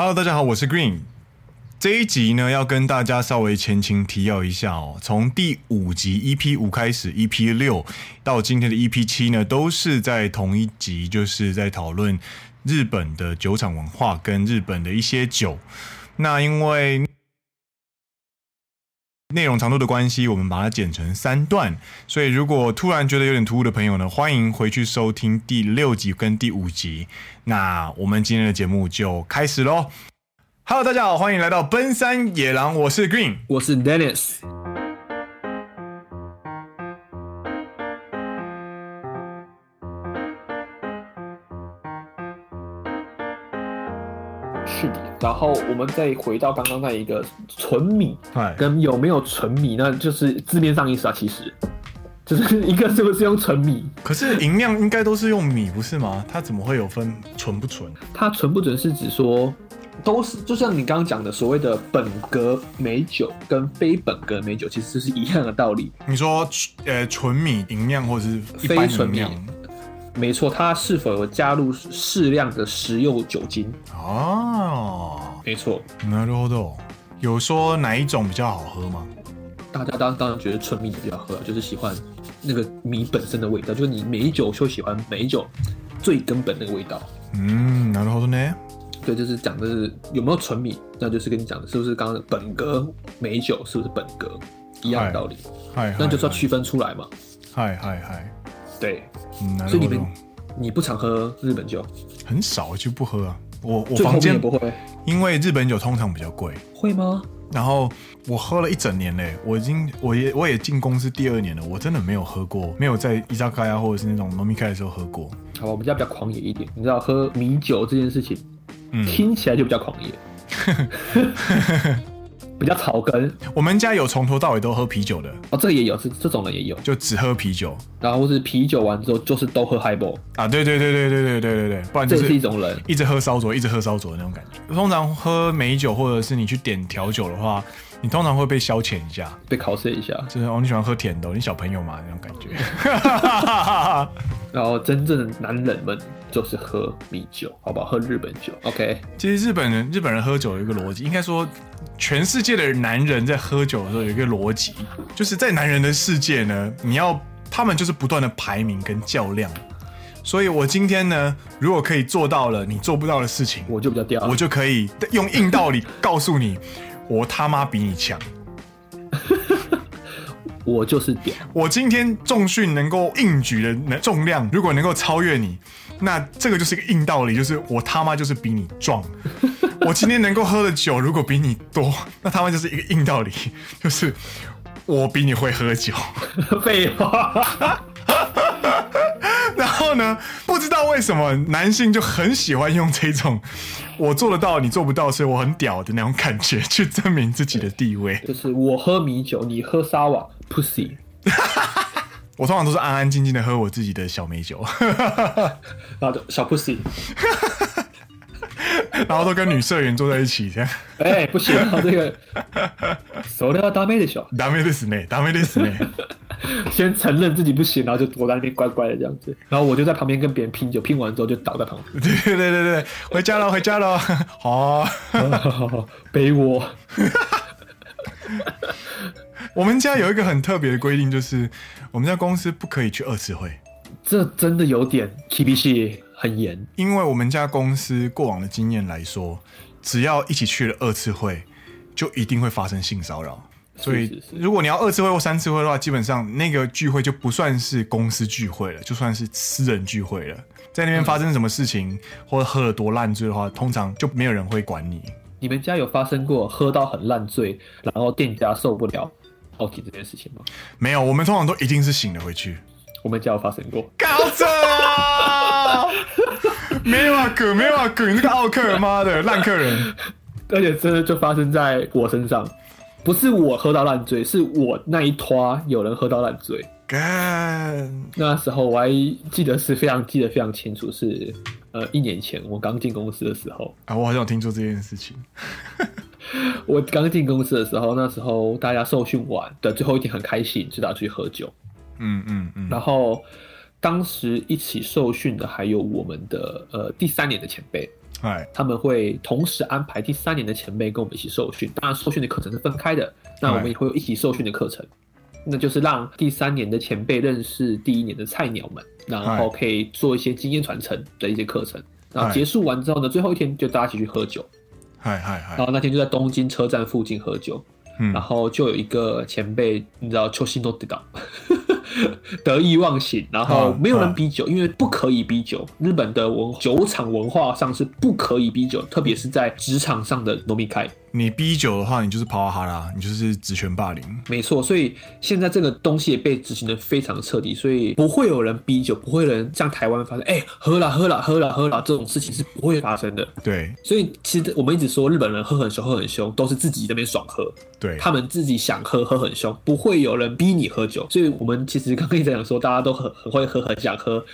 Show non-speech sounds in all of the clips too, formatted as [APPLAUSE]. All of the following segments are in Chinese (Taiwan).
Hello，大家好，我是 Green。這一集呢，要跟大家稍微前情提要一下哦。從第五集 EP 五開始，EP 六到今天的 EP 七呢，都是在同一集，就是在討論日本的酒場文化跟日本的一些酒。那因為內容長度的關係，我們把它剪成三段。所以，如果突然覺得有點突兀的朋友呢，歡迎回去收聽第六集跟第五集。那我們今天的節目就開始嘍。Hello，大家好，歡迎來到《奔三野郎》，我是 Green，我是 Dennis。然後我們再回到剛剛那一個純米，跟有沒有純米，那就是字面上意思啊。其實，就是一個是不是用純米？可是吟釀應該都是用米不是嗎？它怎麼會有分純不純？它純不純是指說都是，就像你剛剛講的所謂的本格美酒跟非本格美酒，其實是一樣的道理。你說，呃，純米吟釀或者是非純米吟釀？沒錯，它是否有加入適量的食用酒精？哦、oh, なるほど，沒錯。有說哪一種比較好喝嗎？大家當當然覺得純米的比較好喝，就是喜歡那個米本身的味道，就是你美酒就喜歡美酒最根本的那個味道。嗯、mm,，那然後呢？對，就是講的是有沒有純米，那就是跟你講的是不是剛剛的本格美酒，是不是本格一樣的道理？那就是要區分出來嘛？はいはいはい對，嗯、你你不常喝日本酒，很少就不喝啊。我我房間不會，因為日本酒通常比較貴。會嗎？然後我喝了一整年嘞，我已經我也我也進公司第二年了，我真的沒有喝過，沒有在伊扎卡呀或者是那種農民開的時候喝過。好吧，我們家比較狂野一點，你知道喝米酒這件事情，嗯、聽起來就比較狂野。 [LAUGHS] [LAUGHS] 比較草根，我們家有從頭到尾都喝啤酒的哦，這個也有，是這種人也有，就只喝啤酒，然後或者啤酒完之後就是都喝 Highball 啊，對對對對對對對對對，不然就是一種人，一直喝燒酒，一直喝燒酒的那種感覺。通常喝梅酒或者是你去點調酒的話，你通常會被消遣一下，被烤碎一下，就是哦你喜歡喝甜的，你小朋友嘛那種感覺。 [LAUGHS] [LAUGHS] 然後真正的男人們就是喝米酒，好不好？喝日本酒，OK。其實日本人日本人喝酒的一個邏輯，應該說。全世界的男人在喝酒的時候有一個邏輯，就是在男人的世界呢，你要他們就是不斷的排名跟較量。所以我今天呢，如果可以做到了你做不到的事情，我就比較屌，我就可以用硬道理告訴你， [LAUGHS] 我他媽比你強。 [LAUGHS] 我就是屌。我今天重訓能夠硬舉的重量，如果能夠超越你，那這個就是一個硬道理，就是我他媽就是比你壯。 [LAUGHS] 我今天能夠喝的酒，如果比你多，那他們就是一個硬道理，就是我比你會喝酒。廢話。然後呢，不知道為什麼男性就很喜歡用這種“我做得到，你做不到”，所以“我很屌”的那種感覺，去證明自己的地位。就是我喝米酒，你喝沙瓦，pussy。 [LAUGHS] [LAUGHS] 我通常都是安安靜靜的喝我自己的小美酒。然 [LAUGHS] 後 [LAUGHS] 小 pussy。 [LAUGHS] 然後都跟女社員坐在一起，這樣。哎、欸，不行、啊，這個。所以要搭配的時候，搭配的少呢，搭配的少呢。先承認自己不行，然後就躲在那邊乖乖的這樣子。然後我就在旁邊跟別人拼酒，拼完之後就倒在旁邊。 [LAUGHS] 對對對對，回家了，回家了。家 [LAUGHS] 好、哦，好好背我。我們家有一個很特別的規定，就是我們家公司不可以去二次會。這真的有點 TBC。很嚴，因為我們家公司過往的經驗來說，只要一起去了二次會，就一定會發生性騷擾。所以，是是是，如果你要二次會或三次會的話，基本上那個聚會就不算是公司聚會了，就算是私人聚會了。在那邊發生什麼事情，嗯，或者喝了多爛醉的話，通常就沒有人會管你。你們家有發生過喝到很爛醉，然後店家受不了，報警這件事情嗎？沒有，我們通常都一定是醒了回去。我們家有發生過，幹！沒有啊，哥，沒有啊，哥，你那個奧客，媽的爛客人！而且真的就發生在我身上，不是我喝到爛醉，是我那一桌有人喝到爛醉。幹！那時候我還記得是非常記得非常清楚是，是呃一年前我剛進公司的時候啊，我好像有聽說這件事情。 [LAUGHS] 我剛進公司的時候，那時候大家受訓完的最後一天，很開心，就打算去喝酒。嗯嗯嗯，嗯嗯，然後當時一起受訓的還有我們的呃第三年的前輩，嘿他們會同時安排第三年的前輩跟我們一起受訓，當然受訓的課程是分開的，那我們也會有一起受訓的課程，嘿那就是讓第三年的前輩認識第一年的菜鳥們，然後可以做一些經驗傳承的一些課程，嘿然後結束完之後呢，最後一天就大家一起去喝酒，嗨嗨，然後那天就在東京車站附近喝酒，嗯，然後就有一個前輩，你知道秋信諾隊得意忘形，然後沒有人逼酒，嗯、因為不可以逼酒。嗯、日本的文酒場文化上是不可以逼酒，特別是在職場上的農密開。你逼酒的話，你就是跑啊哈啦，你就是職權霸凌。沒錯，所以現在這個東西也被執行得非常的徹底，所以不會有人逼酒，不會有人像台灣發生，哎、欸，喝了喝了喝了喝了這種事情是不會發生的。對，所以其實我們一直說日本人喝很凶，喝很凶，都是自己那邊爽喝，對，他們自己想喝，喝很凶，不會有人逼你喝酒。所以我們其實剛剛一直在講說，大家都很很會喝，很想喝，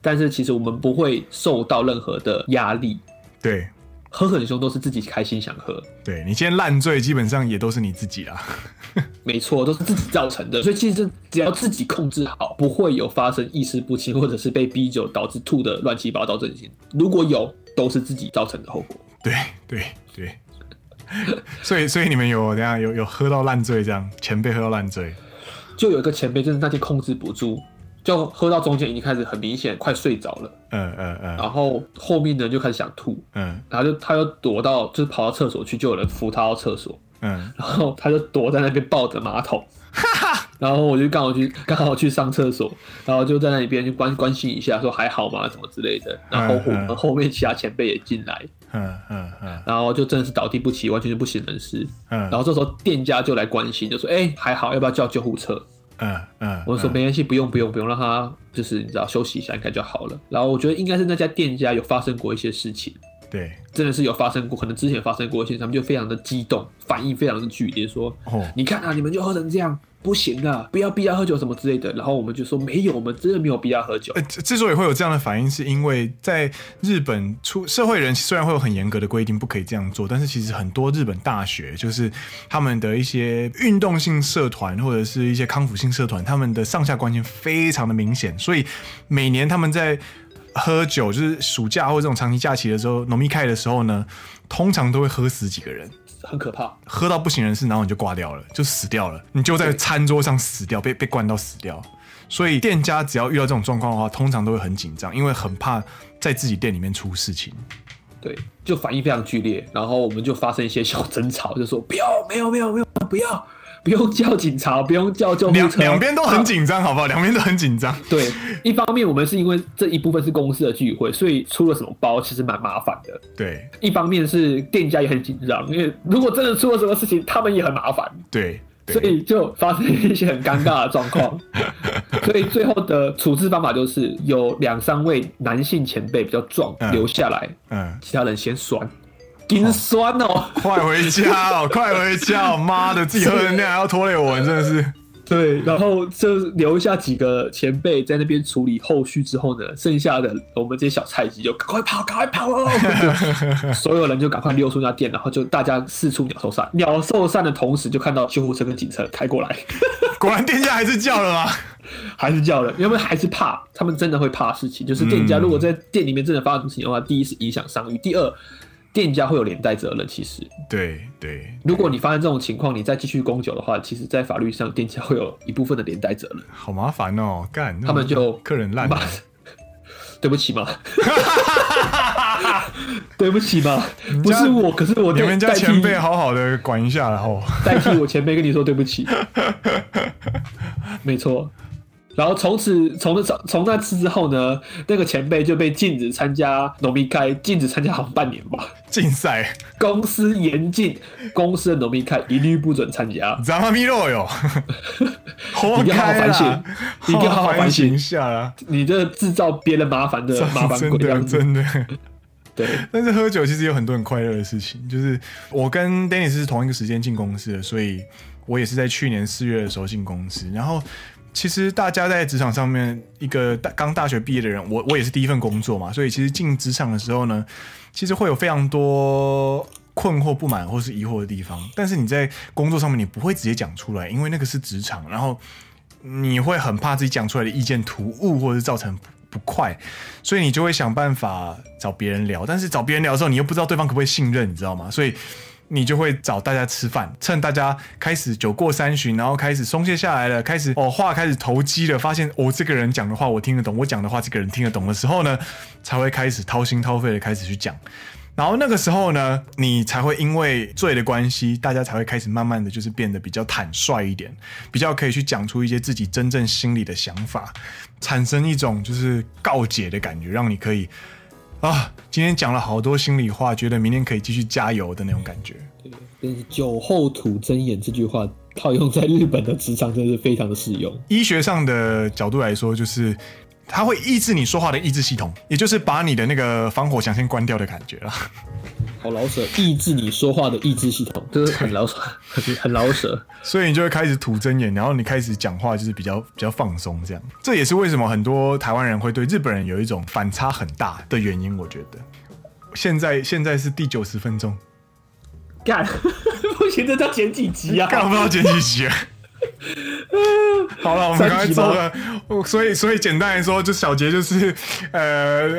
但是其實我們不會受到任何的壓力。對。喝很凶都是自己開心想喝，對，你今天爛醉基本上也都是你自己啊， [LAUGHS] 沒錯，都是自己造成的。所以其實只要自己控制好，不會有發生意識不清或者是被逼酒導致吐的亂七八糟這些。如果有，都是自己造成的後果。對對對，對對 [LAUGHS] 所以所以你們有等一下有有喝到爛醉這樣？前輩喝到爛醉，就有一個前輩就是那天控制不住。就喝到中間已經開始很明顯快睡着了，嗯嗯嗯，嗯嗯，然後後面呢就開始想吐，嗯，然後他就他又躲到就是跑到廁所去，就有人扶他到廁所，嗯，然後他就躲在那邊抱着馬桶，嗯、然後我就剛好去剛好去上廁所，然後就在那裡邊就關關心一下，說還好嗎？什麼之類的，然後我們、嗯嗯、後，後面其他前輩也進來，嗯嗯嗯，嗯嗯，然後就真的是倒地不起，完全就不省人事，嗯，然後這時候店家就來關心，就說哎還好，要不要叫救護車？嗯嗯，uh, uh, uh. 我說沒關係，不用不用不用，讓他就是你知道休息一下應該就好了。然後我覺得應該是那家店家有發生過一些事情，對，真的是有發生過，可能之前發生過，一些他們就非常的激動，反應非常的劇烈，就是、說哦，oh. 你看啊，你們就喝成這樣。不行啊，不要逼他喝酒什麼之類的。然後我們就說沒有，我們真的沒有必要喝酒。呃，之所以會有這樣的反應，是因為在日本出社會人雖然會有很嚴格的規定，不可以這樣做，但是其實很多日本大學就是他們的一些運動性社團或者是一些康復性社團，他們的上下關係非常的明顯。所以每年他們在喝酒，就是暑假或這種長期假期的時候，農民開的時候呢，通常都會喝死幾個人。很可怕，喝到不省人事，然後你就掛掉了，就死掉了，你就在餐桌上死掉，對被被灌到死掉。所以店家只要遇到這種狀況的話，通常都會很緊張，因為很怕在自己店裡面出事情。對，就反應非常劇烈，然後我們就發生一些小爭吵，就說不要，不要，不要，不要，不要。不用叫警察，不用叫救護車。兩邊都很緊張，好不好？兩邊都很緊張。對，一方面我們是因為這一部分是公司的聚會，所以出了什麼包其實蠻麻煩的。對，一方面是店家也很緊張，因為如果真的出了什麼事情，他們也很麻煩。對，所以就發生一些很尷尬的狀況。 [LAUGHS] 所以最後的處置方法就是有兩三位男性前輩比較壯，嗯，留下來，嗯，其他人先甩。心酸哦、喔好！ [LAUGHS] 快回家哦、喔！ [LAUGHS] 快回家、喔！媽的，自己喝的釀要拖累我，真的是、呃。對，然後就留下幾個前輩在那邊處理後續之後呢，剩下的我們這些小菜雞就趕 [LAUGHS] 快跑，趕快跑哦、喔 [LAUGHS] 就是！所有人就趕快溜出那家店，然後就大家四處鳥獸散。鳥獸散的同時，就看到救護車跟警車開過來。 [LAUGHS] 果然店家還是叫了嗎？還是叫了。因為還是怕他們真的會怕的事情，就是店家如果在店裡面真的發生事情的話，嗯、第一是影響商譽，第二，店家會有連帶責任，其實對對，對對，如果你發生這種情況，你再繼續供酒的話，其實，在法律上，店家會有一部分的連帶責任。好麻煩哦、喔，幹、喔、他們就客人爛吧、喔， [LAUGHS] 對不起嘛， [LAUGHS] [LAUGHS] [LAUGHS] 對不起嘛，家不是我，可是我你們家前輩好好的管一下，然後 [LAUGHS] 代替我前輩跟你說對不起， [LAUGHS] 沒錯。然後從此從那從,從那次之後呢，那個前輩就被禁止參加農民開，禁止參加好半年吧，競賽公司禁賽。公司嚴禁公司的農民開，一律不准參加。咱們咪肉喲，你好好反省，你好好反省，一下啊，你這制造別人麻煩的麻煩鬼，真的，真的。對，但是喝酒其實有很多很快樂的事情，就是我跟丹尼斯是同一個時間進公司的，所以我也是在去年四月的時候進公司，然後。其實大家在職場上面，一個大剛大學畢業的人，我我也是第一份工作嘛，所以其實進職場的時候呢，其實會有非常多困惑、不滿或是疑惑的地方。但是你在工作上面，你不會直接講出來，因為那個是職場，然後你會很怕自己講出來的意見突兀，或者是造成不不快，所以你就會想辦法找別人聊。但是找別人聊的時候，你又不知道對方可不可以信任，你知道嗎？所以。你就會找大家吃飯，趁大家開始酒過三巡，然後開始鬆懈下來了，開始哦，話開始投機了，發現我、哦、這個人講的話我聽得懂，我講的話這個人聽得懂的時候呢，才會開始掏心掏肺的開始去講，然後那個時候呢，你才會因為醉的關係，大家才會開始慢慢的就是變得比較坦率一點，比較可以去講出一些自己真正心裡的想法，產生一種就是告解的感覺，讓你可以。啊，今天講了好多心裡話，覺得明天可以繼續加油的那種感覺。對，對，對，酒後吐真言這句話套用在日本的職場，真的是非常的適用。醫學上的角度來說，就是。他會抑制你說話的抑制系統，也就是把你的那個防火牆先關掉的感覺好、哦、老舍，抑制你說話的抑制系統，就是很老舍，對很老舍。所以你就會開始吐真言，然後你開始講話就是比較比較放鬆這樣。這也是為什麼很多台灣人會對日本人有一種反差很大的原因，我覺得。現在現在是第九十分鐘，幹不行，這叫剪幾集啊？幹不到剪幾集啊？ [LAUGHS] [LAUGHS] 好了，我們剛才做了，秒所以所以簡單來說，就小杰就是呃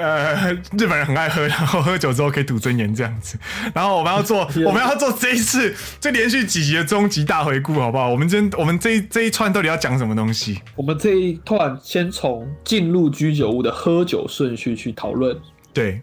呃，日本人很愛喝，然後喝酒之後可以賭尊嚴這樣子。然後我們要做， [LAUGHS] 我們要做這一次這連續幾集，集的終極大回顧，好不好？我們今天我們這一這一串到底要講什麼東西？我們這一段先從進入居酒屋的喝酒順序去討論。對，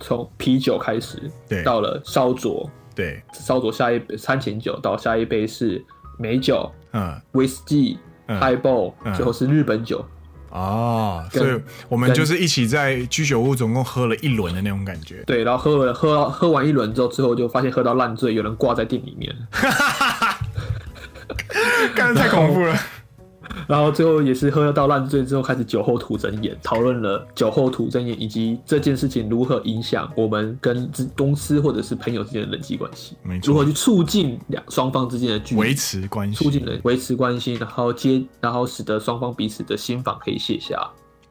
從啤酒開始，對，到了燒酎，對，燒酎下一杯餐前酒，到下一杯是梅酒。嗯，威士忌，Highball，最後是日本酒。哦，跟所以我們就是一起在居酒屋總共喝了一輪的那種感覺。對，然後喝完喝喝完一輪之後，最後就發現喝到爛醉，有人掛在店裡面，哈哈哈，剛才太恐怖了。然後最後也是喝到爛醉之後，開始酒後吐真言，討論了酒後吐真言以及這件事情如何影響我們跟公司或者是朋友之間的人際關係，沒錯，如何去促進兩雙方之間的距離，維持關係，促進人，維持關係，然後接然後使得雙方彼此的心防可以卸下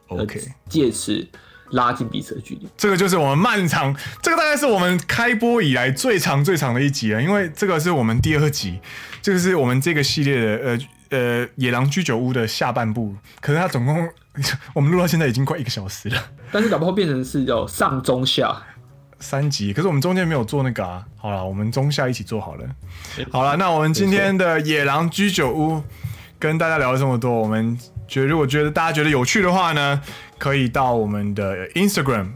，OK，呃，借此拉近彼此的距離。這個就是我們漫長，這個大概是我們開播以來最長最長的一集了，因為這個是我們第二集，這、就、個是我們這個系列的呃。呃，野郎居酒屋的下半部，可是它總共我們錄到現在已經快一個小時了。但是搞不好變成是有上中下三集，可是我們中間沒有做那個啊。好了，我們中下一起做好了。欸、好了，那我們今天的野郎居酒屋錯跟大家聊了這麼多，我們覺如果覺得大家覺得有趣的話呢，可以到我們的 Instagram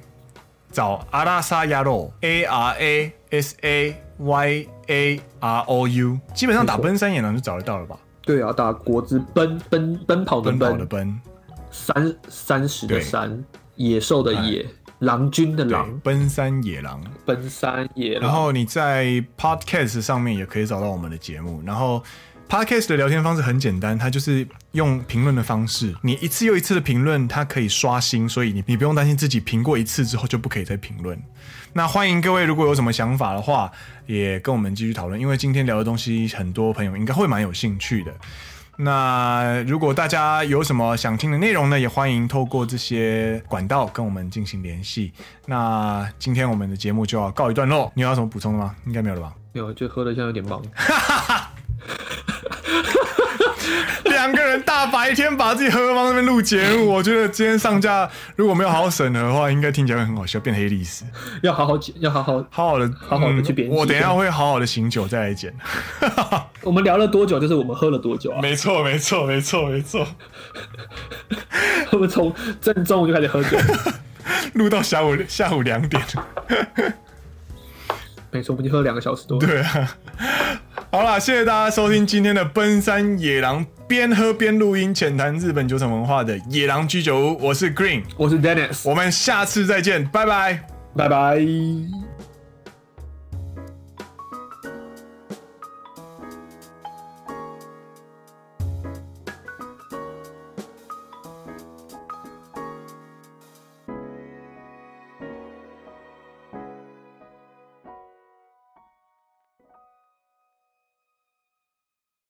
找阿拉沙亞肉 A R A S A Y A R O U，基本上打奔三野郎就找得到了吧。對啊，打國之奔奔奔跑的奔，三三十的山對野獸的野，嗯、郎君的郎，奔山野郎，奔山野郎。然後你在 Podcast 上面也可以找到我們的節目，然後。Podcast 的聊天方式很簡單，它就是用評論的方式。你一次又一次的評論，它可以刷新，所以你你不用擔心自己評過一次之後就不可以再評論。那歡迎各位，如果有什麼想法的話，也跟我們繼續討論。因為今天聊的東西，很多朋友應該會蠻有興趣的。那如果大家有什麼想聽的內容呢，也歡迎透過這些管道跟我們進行聯繫。那今天我們的節目就要告一段落。你要有什麼補充的嗎？應該沒有了吧？沒有，就喝得像有點飽。 [LAUGHS] 兩 [LAUGHS] 個人大白天把自己喝往那邊錄節目，我覺得今天上架如果沒有好好審核的話，應該聽起來會很好笑，變黑歷史。要好好剪，要好好好好的、嗯、好好的去編。對我等一下會好好的醒酒再來剪。 [LAUGHS] 我們聊了多久？就是我們喝了多久啊？沒錯，沒錯，沒錯，沒錯。 [LAUGHS] 我們從正中午就開始喝酒，錄 [LAUGHS] 到下午下午兩點。 [LAUGHS] 沒錯，我們就喝了兩個小時多。對啊。好啦，謝謝大家收聽今天的《奔山野郎》，邊喝邊錄音，淺談日本酒場文化的野郎居酒屋。我是 Green，我是 Dennis，我們下次再見，拜拜，拜拜。